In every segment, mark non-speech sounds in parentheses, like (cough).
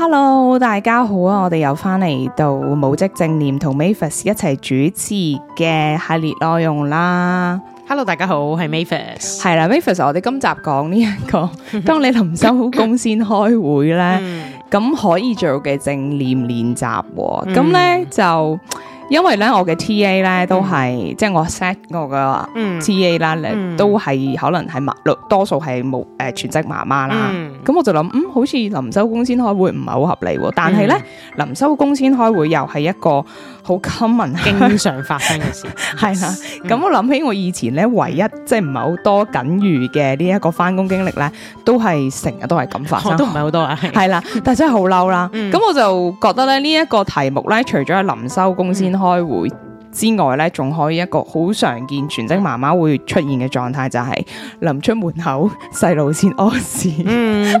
Hello，大家好啊！我哋又翻嚟到母職正念同 Mavis 一齊主持嘅系列內容啦。Hello，大家好，我係 Hello, 我 Mavis 係啦 Mavis 我哋今集講呢、這、一個，當你臨收工先開會咧，咁、 (laughs) 嗯、可以做嘅正念練習、哦，咁咧、嗯、就。因為咧，我嘅 T A 咧都係即係我 set 我嘅 T A 啦，都係可能係母多數係冇誒全職媽媽啦。咁我就諗，嗯，好似臨收工先開會唔係好合理喎。但係咧，臨收工先開會又係一個好 common 經常發生嘅事，係啦。咁我諗起我以前咧唯一即係唔係好多僅餘嘅呢一個返工經歷咧，都係成日都係咁發生，都唔係好多啊，係啦。但係真係好嬲啦。咁我就覺得咧呢一個題目咧，除咗係臨收工先開會之外呢，仲可以一個好常見全職媽媽會出現嘅狀態，就係、是、臨出門口細路先屙屎，嗯，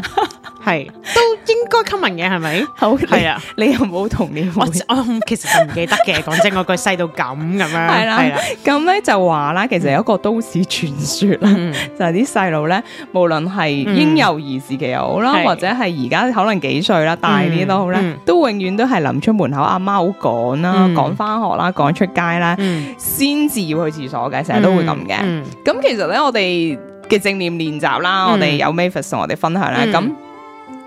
係。應該吸 o m m 嘅係咪？好係啊！你有冇同你我我其實唔記得嘅。講真，我個細到咁咁樣係啦。咁咧就話啦，其實有一個都市傳說啦，就係啲細路咧，無論係嬰幼兒時期又好啦，或者係而家可能幾歲啦大啲都好啦，都永遠都係臨出門口阿媽好趕啦，趕翻學啦，趕出街啦，先至要去廁所嘅，成日都會咁嘅。咁其實咧，我哋嘅正念練習啦，我哋有 Mavis 同我哋分享啦，咁。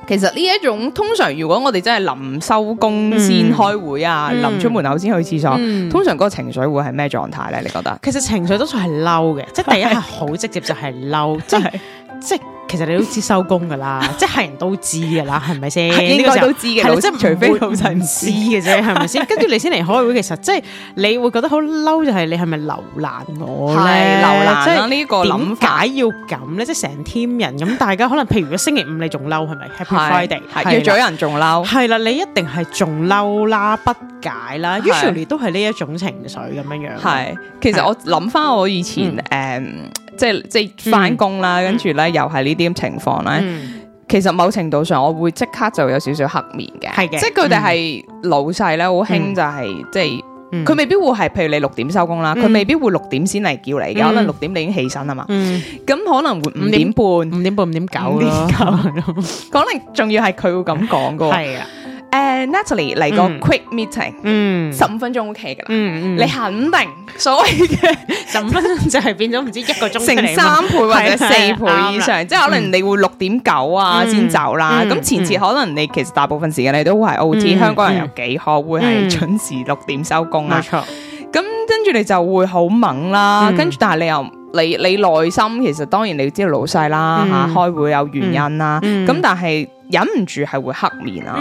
其實呢一種通常，如果我哋真係臨收工先開會啊，臨、嗯、出門口先去廁所，嗯、通常個情緒會係咩狀態呢？你覺得？其實情緒都算係嬲嘅， (laughs) 即係第一係好直接就係嬲，即係即。其實你都知收工噶啦，即係人都知噶啦，係咪先？係應該都知嘅，即係除非老細唔知嘅啫，係咪先？跟住你先嚟開會，其實即係你會覺得好嬲，就係你係咪留難我咧？留難即係點解要咁咧？即係成 team 人咁，大家可能譬如星期五你仲嬲，係咪 Happy Friday 約咗人仲嬲？係啦，你一定係仲嬲啦，不解啦，usually 都係呢一種情緒咁樣樣。係，其實我諗翻我以前誒，即係即係翻工啦，跟住咧又係呢。啲情況咧，其實某程度上我會即刻就有少少黑面嘅，係嘅。即係佢哋係老細咧，好興就係即係，佢未必會係，譬如你六點收工啦，佢未必會六點先嚟叫你嘅，可能六點你已經起身啦嘛。咁可能會五點半、五點半、五點九咯。可能仲要係佢會咁講㗎，係啊。誒，Natalie 嚟個 quick meeting，十五分鐘 OK 㗎喇，你肯定所謂嘅十五分鐘就係變咗唔知一個鐘成三倍或者四倍以上，即係可能你會六點九啊先走啦。咁前次可能你其實大部分時間你都會係 OT，香港人有幾可會係準時六點收工啊？冇錯，咁跟住你就會好猛啦，跟住但係你又。你你內心其實當然你知道老細啦，吓、嗯啊、開會有原因啦，咁、嗯、但係忍唔住係會黑面啊，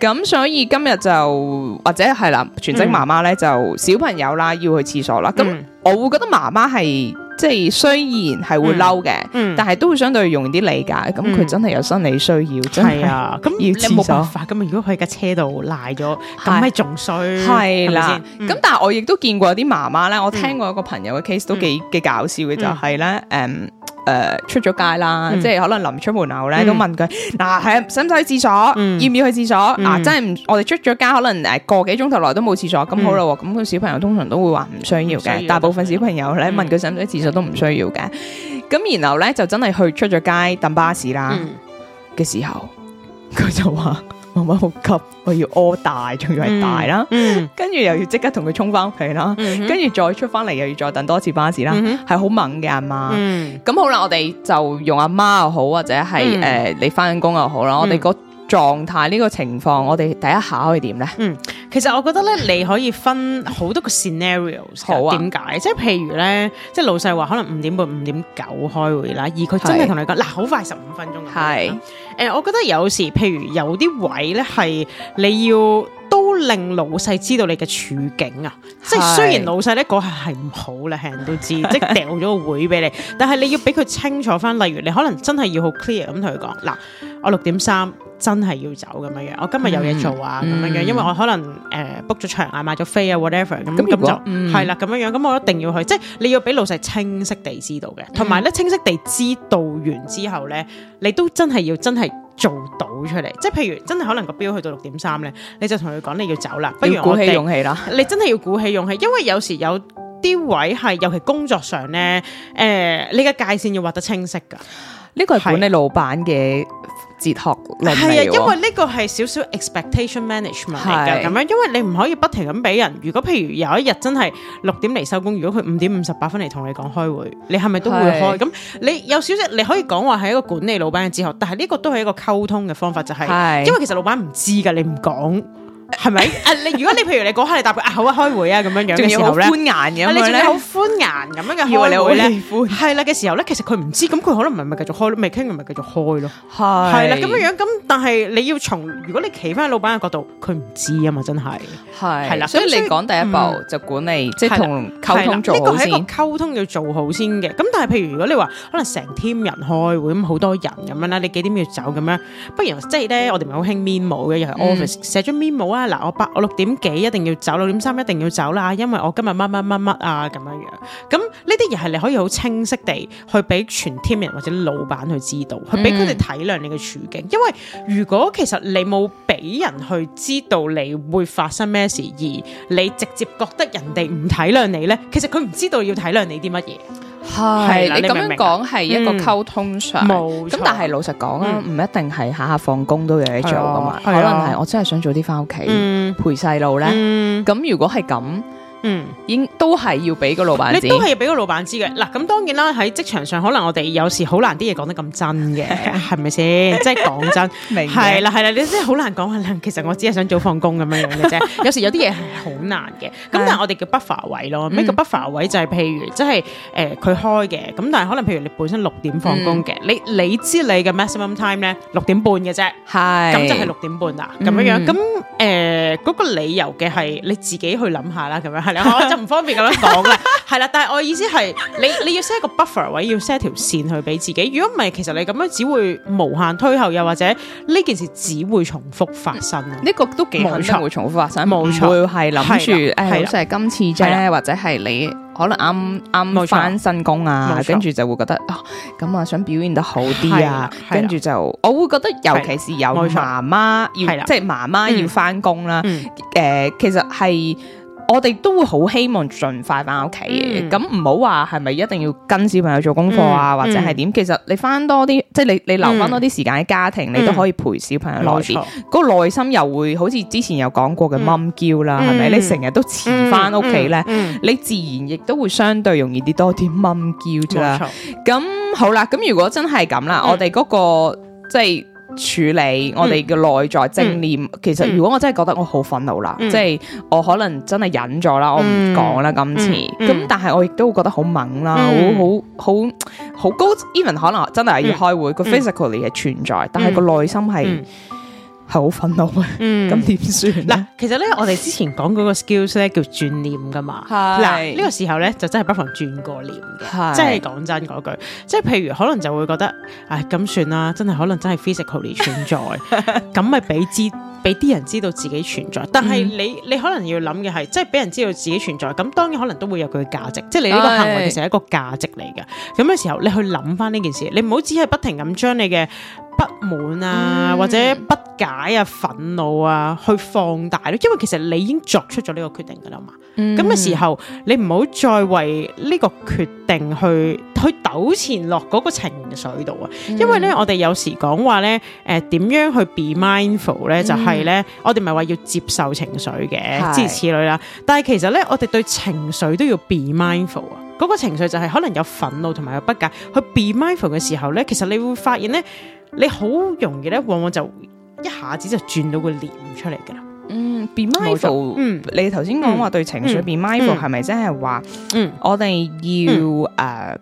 咁、嗯、所以今日就或者係啦，全職媽媽咧就小朋友啦要去廁所啦，咁、嗯、我會覺得媽媽係。即係雖然係會嬲嘅，但係都會相對容易啲理解。咁佢真係有生理需要，真係。咁而你冇辦法。咁啊，如果佢喺架車度賴咗，咁咪仲衰。係啦。咁但係我亦都見過啲媽媽咧。我聽過一個朋友嘅 case 都幾幾搞笑嘅，就係咧誒。誒、呃，出咗街啦，嗯、即係可能臨出門口咧，都問佢，嗱、嗯，係使唔使去廁所，嗯、要唔要去廁所？嗱、啊，真係唔，我哋出咗街，可能誒個幾鐘頭內都冇廁所，咁好咯，咁個、嗯、小朋友通常都會話唔需要嘅，大部分小朋友咧，問佢使唔使去廁所都唔需要嘅，咁、嗯、然後咧就真係去出咗街等巴士啦嘅、嗯、時候，佢就話。媽媽好急，我要屙大，仲要係大啦，跟住、嗯嗯、又要即刻同佢沖翻屋企啦，跟住、嗯、哼再出翻嚟又要再等多次巴士啦，係、嗯哼嗯、好猛嘅阿媽，咁好啦，我哋就用阿媽又好，或者係誒、嗯呃、你翻緊工又好啦，我哋狀態呢個情況，我哋第一下可以點呢？嗯，其實我覺得咧， (laughs) 你可以分好多個 scenario。好啊，點解？即係譬如呢，即係老細話可能五點半、五點九開會啦，而佢真係同你講嗱，好是、啊、快十五分鐘。係誒是、啊，我覺得有時譬如有啲位呢，係你要都令老細知道你嘅處境啊。是即係雖然老細呢嗰下係唔好啦，係人都知即掉咗個會俾你，但係你要俾佢清楚翻。例如你可能真係要好 clear 咁同佢講嗱，我六點三。真係要走咁樣樣，我今日有嘢做啊，咁樣、嗯、樣，因為我可能誒 book 咗場啊，買咗飛啊，whatever，咁咁就係啦，咁樣、嗯、樣，咁、嗯、我一定要去，即係你要俾老細清晰地知道嘅，同埋咧清晰地知道完之後咧，你都真係要真係做到出嚟，即係譬如真係可能個錶去到六點三咧，你就同佢講你要走啦，不如鼓起勇氣啦，你真係要鼓起勇氣，因為有時有啲位係，尤其工作上咧，誒、呃，你嘅界線要畫得清晰噶，呢個係管理老闆嘅。哲學係啊，因為呢個係少少 expectation management 嚟噶，咁樣是，因為你唔可以不停咁俾人。如果譬如有一日真係六點嚟收工，如果佢五點五十八分嚟同你講開會，你係咪都會開？咁是你有少少你可以講話係一個管理老闆嘅哲學，但係呢個都係一個溝通嘅方法，就是，就係是因為其實老闆唔知噶，你唔講。係咪？誒，如果你譬如你嗰刻你搭佢，誒，好啊，開會啊，咁樣樣嘅時候咧，你嘅。你好寬顏咁樣嘅以為你會咧，係啦嘅時候咧，其實佢唔知，咁佢可能唔咪繼續開，未傾完咪繼續開咯，係係啦，咁樣樣，咁但係你要從，如果你企翻老闆嘅角度，佢唔知啊嘛，真係係係啦，所以你講第一步就管理，即係同溝通做好先，溝通要做好先嘅。咁但係譬如如果你話可能成 team 人開會咁，好多人咁樣啦，你幾點要走咁樣？不如即係咧，我哋咪好興 memo 嘅，又係 office，寫咗 memo 啊！嗱，我八我六點幾一定要走，六點三一定要走啦，因為我今日乜乜乜乜啊咁樣樣。咁呢啲嘢係你可以好清晰地去俾全 team 人或者老闆去知道，去俾佢哋體諒你嘅處境。嗯、因為如果其實你冇俾人去知道你會發生咩事，而你直接覺得人哋唔體諒你呢，其實佢唔知道要體諒你啲乜嘢。.係，是的你咁樣講係一個溝通上，咁、嗯、但係老實講啊，唔、嗯、一定係下下放工都有嘢做㗎嘛，可能係我真係想早啲翻屋企陪細路咧，咁、嗯、如果係咁。嗯，應都係要俾個老闆，你都係要俾個老闆知嘅。嗱，咁當然啦，喺職場上，可能我哋有時好難啲嘢講得咁真嘅，係咪先？即係講真，明係啦係啦，你真係好難講啊！其實我只係想早放工咁樣樣嘅啫。有時有啲嘢係好難嘅，咁但係我哋叫 buffer 位咯。咩叫 buffer 位就係譬如，即係誒，佢開嘅，咁但係可能譬如你本身六點放工嘅，你你知你嘅 maximum time 咧六點半嘅啫，係咁即係六點半啦，咁樣樣咁誒。嗰個理由嘅係你自己去諗下啦，咁樣係啦， (laughs) 我就唔方便咁樣講啦，係啦。但係我意思係，你你要 set 一個 buffer 位，要 set 條線去俾自己。如果唔係，其實你咁樣只會無限推後，又或者呢件事只會重複發生。呢個都幾肯定會重複發生，冇錯，會係諗住誒，哎，好似係今次啫，的或者係你。可能啱啱返新工啊，錯跟住就會覺得啊，咁啊想表現得好啲啊，的跟住就的我會覺得，尤其是有媽媽的要，的即係媽媽要返工啦。誒、嗯呃，其實係。我哋都會好希望盡快翻屋企嘅，咁唔好話係咪一定要跟小朋友做功課啊，嗯、或者係點？其實你翻多啲，即係你你留翻多啲時間喺家庭，嗯、你都可以陪小朋友耐啲，嗯、個內心又會好似之前有講過嘅掹嬌啦，係咪、嗯？你成日都遲翻屋企咧，嗯嗯嗯、你自然亦都會相對容易啲多啲掹嬌啦。咁好啦，咁如果真係咁啦，嗯、我哋嗰、嗰個即係。處理我哋嘅內在、嗯、正念，其實如果我真係覺得我好憤怒啦，嗯、即係我可能真係忍咗啦，我唔講啦今次。咁、嗯、但係我亦都會覺得猛、嗯、好猛啦，好好好好高。Even 可能真係要開會，佢、嗯、physically 係存在，嗯、但係個內心係。嗯嗯係好憤怒嘅！咁點算嗱？呢其實咧，我哋之前講嗰個 skills 咧，叫轉念噶嘛。嗱是，呢個時候咧就真係不妨轉個念嘅。即係講真嗰句，即係譬如可能就會覺得，唉咁算啦，真係可能真係 physically 存在，咁咪俾知俾啲人知道自己存在。但係你你可能要諗嘅係，即係俾人知道自己存在，咁當然可能都會有佢嘅價值，即係你呢個行為其實係一個價值嚟嘅。咁嘅是時候，你去諗翻呢件事，你唔好只係不停咁將你嘅。不滿啊，或者不解啊，憤怒啊，去放大咧，因為其實你已經作出咗呢個決定噶啦嘛。咁嘅、嗯、時候，你唔好再為呢個決定去去糾纏落嗰個情緒度啊。因為咧，嗯、我哋有時講話咧，誒、呃，點樣去 be mindful 咧，就係、是、咧，嗯、我哋唔係話要接受情緒嘅，諸如此類啦。但係其實咧，我哋對情緒都要 be mindful 啊、嗯。嗰個情緒就係可能有憤怒同埋有不解，去 be mindful 嘅時候咧，其實你會發現咧。你好容易咧，往往就一下子就轉到個念出嚟噶啦。嗯，be mindful，嗯，你頭先講話對情緒 be mindful 係咪真係話？嗯，我哋要誒，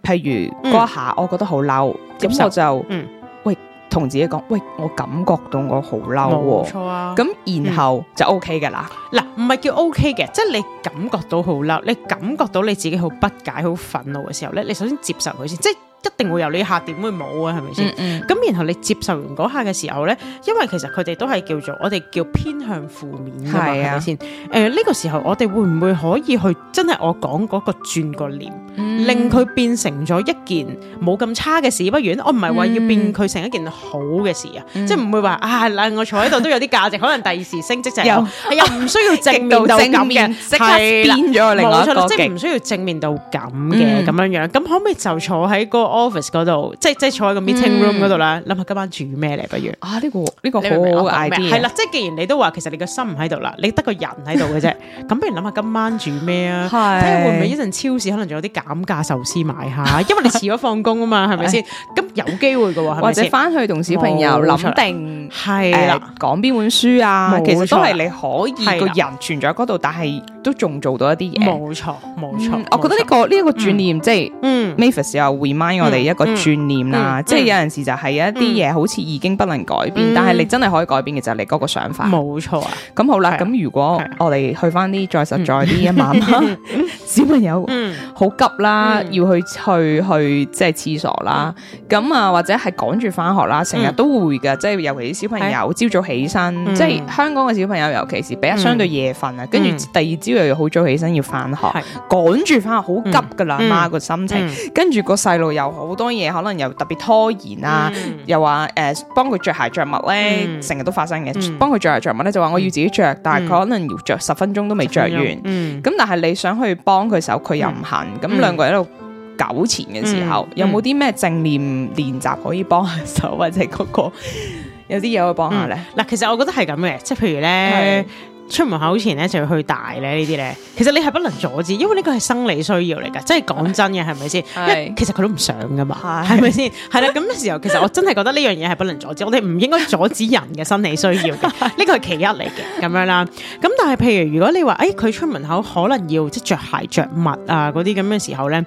譬如嗰下我覺得好嬲，咁我就嗯，喂，同自己講，喂，我感覺到我好嬲，冇錯啊。咁然後就 OK 噶啦，嗱，唔係叫 OK 嘅，即係你感覺到好嬲，你感覺到你自己好不解、好憤怒嘅時候咧，你首先接受佢先，即係。一定會，會有呢下，點會冇啊？係咪先？咁然後你接受完嗰下嘅時候咧，因為其實佢哋都係叫做我哋叫偏向負面㗎嘛，係咪先？誒，呢個時候我哋會唔會可以去真係我講嗰個轉個念？令佢變成咗一件冇咁差嘅事，不如我唔係話要變佢成一件好嘅事啊！即係唔會話啊，嗱，我坐喺度都有啲價值，可能第二時升職就係又唔需要正面到咁嘅，係啦，冇錯，即唔需要正面到咁嘅咁樣樣。咁可唔可以就坐喺個 office 嗰度，即即係坐喺個 meeting room 嗰度啦。諗下今晚煮咩咧？不如啊，呢個呢個好嘅 idea 係啦，即係既然你都話其實你個心唔喺度啦，你得個人喺度嘅啫。咁不如諗下今晚煮咩啊？睇下會唔會一陣超市可能仲有啲揀。減價壽司買下，因為你遲咗放工啊嘛，係咪先？咁有機會噶或者翻去同小朋友諗定係啦，講邊本書啊？其實都係你可以個人存在嗰度，但係都仲做到一啲嘢。冇錯，冇錯。我覺得呢個呢一個轉念，即係嗯，Mavis 又 remind 我哋一個轉念啦。即係有陣時就係有一啲嘢好似已經不能改變，但係你真係可以改變嘅就係你嗰個想法。冇錯啊。咁好啦，咁如果我哋去翻啲再實在啲媽媽，小朋友，好急。啦，要去去去即係廁所啦，咁啊或者係趕住翻學啦，成日都會噶，即係尤其啲小朋友朝早起身，即係香港嘅小朋友，尤其是比較相對夜瞓啊，跟住第二朝又要好早起身要翻學，趕住翻學好急噶啦，媽個心情，跟住個細路又好多嘢，可能又特別拖延啊，又話誒幫佢着鞋着襪咧，成日都發生嘅，幫佢着鞋着襪咧就話我要自己着，但係佢可能要着十分鐘都未着完，咁但係你想去幫佢手，佢又唔肯，咁兩個喺度糾纏嘅時候，嗯嗯、有冇啲咩正念練習可以幫下手，或者嗰、嗰個 (laughs) 有啲嘢可以幫下咧？嗱、嗯，其實我覺得係咁嘅，即係譬如咧。出門口前咧就要去大咧呢啲咧，其實你係不能阻止，因為呢個係生理需要嚟噶，即係講真嘅係咪先？因為其實佢都唔想噶嘛，係咪先？係啦，咁嘅時候其實我真係覺得呢樣嘢係不能阻止，我哋唔應該阻止人嘅生理需要嘅，呢個係其一嚟嘅咁樣啦。咁但係譬如如果你話誒佢出門口可能要即着鞋着襪啊嗰啲咁嘅時候咧，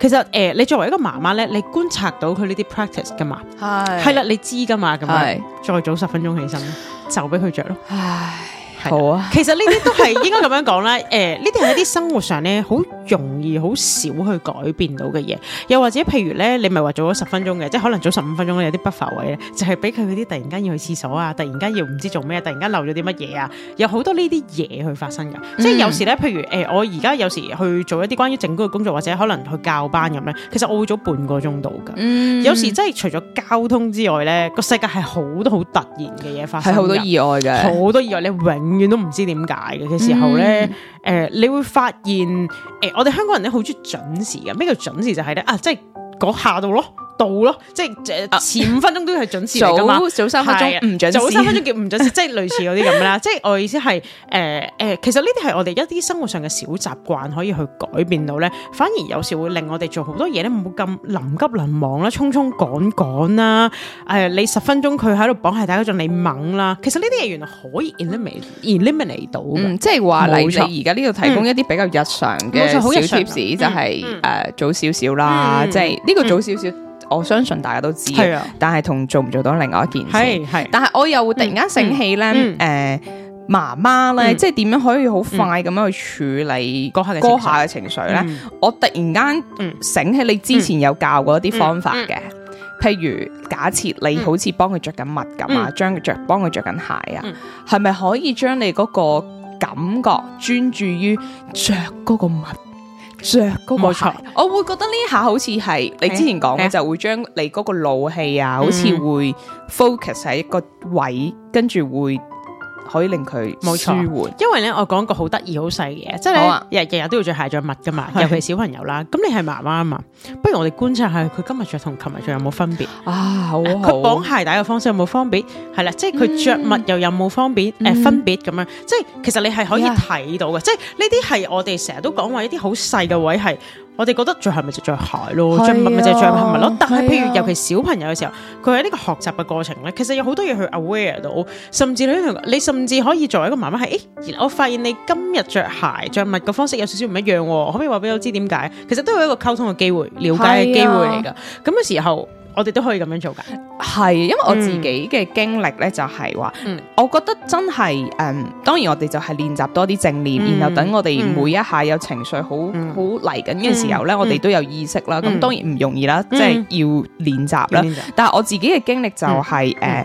其實誒你作為一個媽媽咧，你觀察到佢呢啲 practice 噶嘛？係係啦，你知噶嘛？咁樣再早十分鐘起身就俾佢着咯。唉。好啊，其實呢啲都係應該咁樣講啦。誒，呢啲係一啲生活上咧，好。容易好少去改變到嘅嘢，又或者譬如咧，你咪話早咗十分鐘嘅，即係可能早十五分鐘有啲不浮位咧，就係俾佢嗰啲突然間要去廁所啊，突然間要唔知做咩，突然間漏咗啲乜嘢啊，有好多呢啲嘢去發生噶。嗯、即係有時咧，譬如誒、呃，我而家有時去做一啲關於整宮嘅工作，或者可能去教班咁咧，其實我會早半個鐘到噶。嗯、有時真係除咗交通之外咧，個世界係好多好突然嘅嘢發生，係好多意外嘅，好多意外你永遠都唔知點解嘅嘅時候咧。嗯嗯誒、呃，你會發現，誒、呃，我哋香港人咧，好鍾意準時嘅，咩叫準時就係、是、咧啊，即係嗰下到咯。到咯，即係前五分鐘都係準時嚟，早三分鐘唔準時，早三分鐘叫唔準時，即係類似嗰啲咁啦。即係我意思係誒誒，其實呢啲係我哋一啲生活上嘅小習慣可以去改變到咧，反而有時會令我哋做好多嘢咧冇咁臨急臨忙啦，匆匆趕趕啦。誒，你十分鐘佢喺度綁鞋帶嗰種你猛啦，其實呢啲嘢原來可以 eliminate eliminate 到嘅，即係話嚟你而家呢度提供一啲比較日常嘅小 tips 就係誒早少少啦，即係呢個早少少。我相信大家都知，但係同做唔做到另外一件事。係，但係我又會突然間醒起咧，誒，媽媽咧，即係點樣可以好快咁樣去處理嗰下嘅情緒咧？我突然間醒起，你之前有教過一啲方法嘅，譬如假設你好似幫佢着緊襪咁啊，將着幫佢着緊鞋啊，係咪可以將你嗰個感覺專注於着嗰個襪？着嗰個鞋，冇錯，我會覺得呢下好似係你之前講嘅，就會將你嗰個怒氣啊，好似會 focus 喺一個位置，跟住會。可以令佢冇舒緩，因為咧，我講個好得意好細嘅嘢，即係你日日日都要着鞋着襪噶嘛，是尤其小朋友啦。咁你係媽媽啊嘛，不如我哋觀察下佢今日着同琴日着有冇分別啊？好，好，佢綁鞋帶嘅方式有冇分別？係啦，即係佢着襪又有冇分別？誒、嗯呃，分別咁樣，即係其實你係可以睇到嘅，嗯、即係呢啲係我哋成日都講話一啲好細嘅位係。我哋覺得著鞋咪、啊、就着鞋咯，着襪咪就着襪咪咯。但係譬如尤其小朋友嘅時候，佢喺呢個學習嘅過程咧，其實有好多嘢去 aware 到，甚至你，你甚至可以作為一個媽媽係，誒，我發現你今日着鞋着襪嘅方式有少少唔一樣，可唔可以話俾我知點解？其實都係一個溝通嘅機會，了解嘅機會嚟㗎。咁嘅、啊、時候。我哋都可以咁樣做㗎，係因為我自己嘅經歷咧，就係、是、話，嗯、我覺得真係，嗯、呃，當然我哋就係練習多啲正念，嗯、然後等我哋每一下有情緒好好嚟緊嘅時候咧，嗯、我哋都有意識啦。咁、嗯、當然唔容易啦，即係、嗯、要練習啦。習但係我自己嘅經歷就係，誒。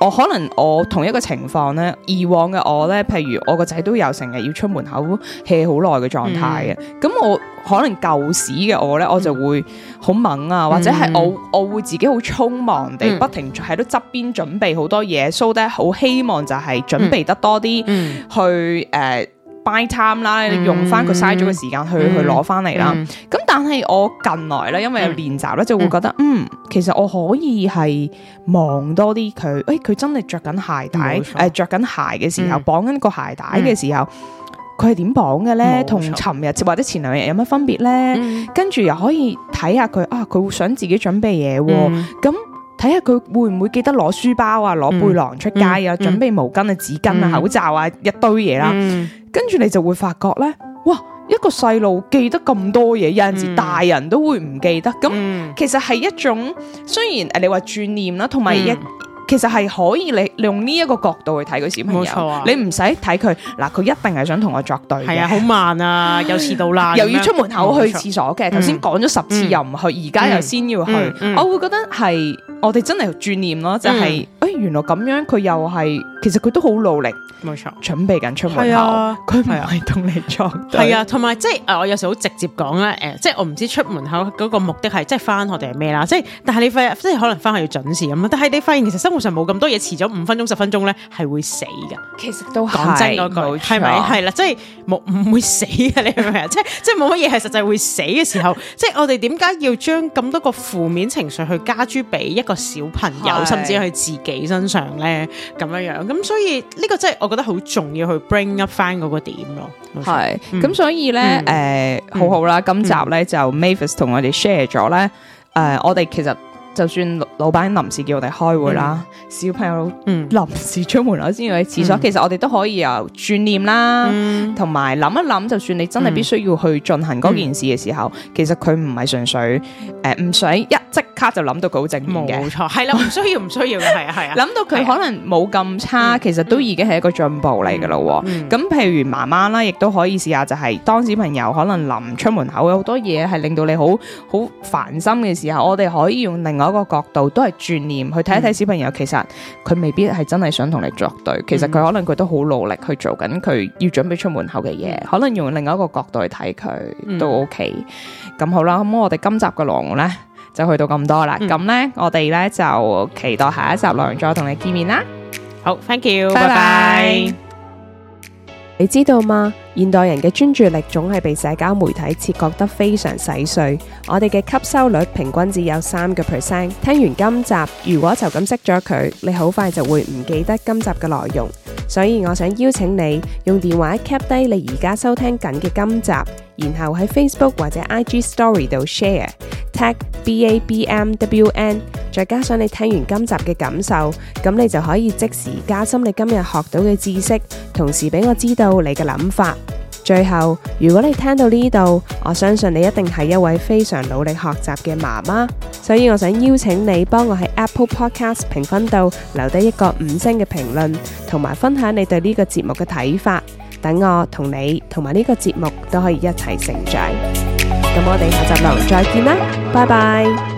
我可能我同一個情況呢，以往嘅我呢，譬如我個仔都有成日要出門口 hea 好耐嘅狀態嘅，咁、嗯、我可能舊時嘅我呢，我就會好猛啊，嗯、或者係我我會自己好匆忙地不停喺度側邊準備好多嘢，So that 好希望就係準備得多啲去誒。嗯呃 Buy time 啦，用翻佢嘥咗嘅時間去去攞翻嚟啦。咁但係我近來咧，因為練習咧，就會覺得嗯，其實我可以係望多啲佢。誒，佢真係着緊鞋帶，誒著緊鞋嘅時候，綁緊個鞋帶嘅時候，佢係點綁嘅咧？同尋日或者前兩日有乜分別咧？跟住又可以睇下佢啊，佢會想自己準備嘢喎。咁睇下佢會唔會記得攞書包啊，攞背囊出街啊，準備毛巾啊、紙巾啊、口罩啊一堆嘢啦。跟住你就會發覺咧，哇！一個細路記得咁多嘢，有陣時大人都會唔記得。咁其實係一種，雖然誒你話轉念啦，同埋一其實係可以你用呢一個角度去睇個小朋友。冇錯啊、你唔使睇佢，嗱佢一定係想同我作對。係啊，好慢啊，又遲到啦，又要出門口去廁所嘅。頭先講咗十次又唔去，而家又先要去。嗯嗯嗯、我會覺得係我哋真係轉念咯，就係、是。嗯原來咁樣佢又係，其實佢都好努力，冇錯錯，準備緊出門口。佢咪係同你作對，係啊，同埋即係我有時好直接講啦，誒，即係我唔知出門口嗰個目的係即係翻學定係咩啦，即係但係你發現即係可能翻學要準時咁，但係你發現其實生活上冇咁多嘢，遲咗五分鐘、十分鐘咧係會死噶。其實都講真嗰句，係咪係啦，即係冇唔會死噶，你明唔明啊？即係即係冇乜嘢係實際會死嘅時候， (laughs) 即係我哋點解要將咁多個負面情緒去加諸俾一個小朋友，甚至去自己？真相咧咁樣樣，咁所，是、嗯、所以呢個真係我覺得好重要去 bring up 翻嗰個點咯，係、嗯，咁所以咧，誒、嗯，好好啦，嗯、今集咧就 Mavis 同我哋 share 咗咧，誒、嗯呃，我哋其實。就算老老闆臨時叫我哋開會啦，嗯、小朋友臨時出門口先要去廁所，嗯、其實我哋都可以由轉念啦，同埋諗一諗，就算你真係必須要去進行嗰件事嘅時候，嗯、其實佢唔係純粹誒唔想一即刻就諗到佢好正面嘅，冇錯，係啦，唔需要，唔 (laughs) 需要嘅，係啊，係啊，諗 (laughs) 到佢可能冇咁差，嗯、其實都已經係一個進步嚟嘅咯。咁、嗯嗯、譬如媽媽啦，亦都可以試下，就係當小朋友可能臨出門口有好多嘢係令到你好好煩心嘅時候，我哋可以用另外。嗰個角度都係轉念去睇一睇小朋友，嗯、其實佢未必係真係想同你作對，嗯、其實佢可能佢都好努力去做緊佢要準備出門口嘅嘢，嗯、可能用另一個角度去睇佢，嗯、都 OK。咁好啦，咁我哋今集嘅內容咧就去到咁多啦，咁咧、嗯、我哋咧就期待下一集內容再同你見面啦。好，thank you，拜拜。你知道嗎？現代人嘅專注力總係被社交媒體切割得非常細碎，我哋嘅吸收率平均只有三個 percent。聽完今集，如果就咁識咗佢，你好快就會唔記得今集嘅內容。所以我想邀請你用電話 cap 低你而家收聽緊嘅今集，然後喺 Facebook 或者 IG Story 度 share tag B A B M W N，最後，如果你聽到呢度，我相信你一定係一位非常努力學習嘅媽媽，所以我想邀請你幫我喺 Apple Podcast 評分度留低一個五星嘅評論，同埋分享你對呢個節目嘅睇法，等我同你同埋呢個節目都可以一齊成長。咁我哋下集流再見啦，拜拜。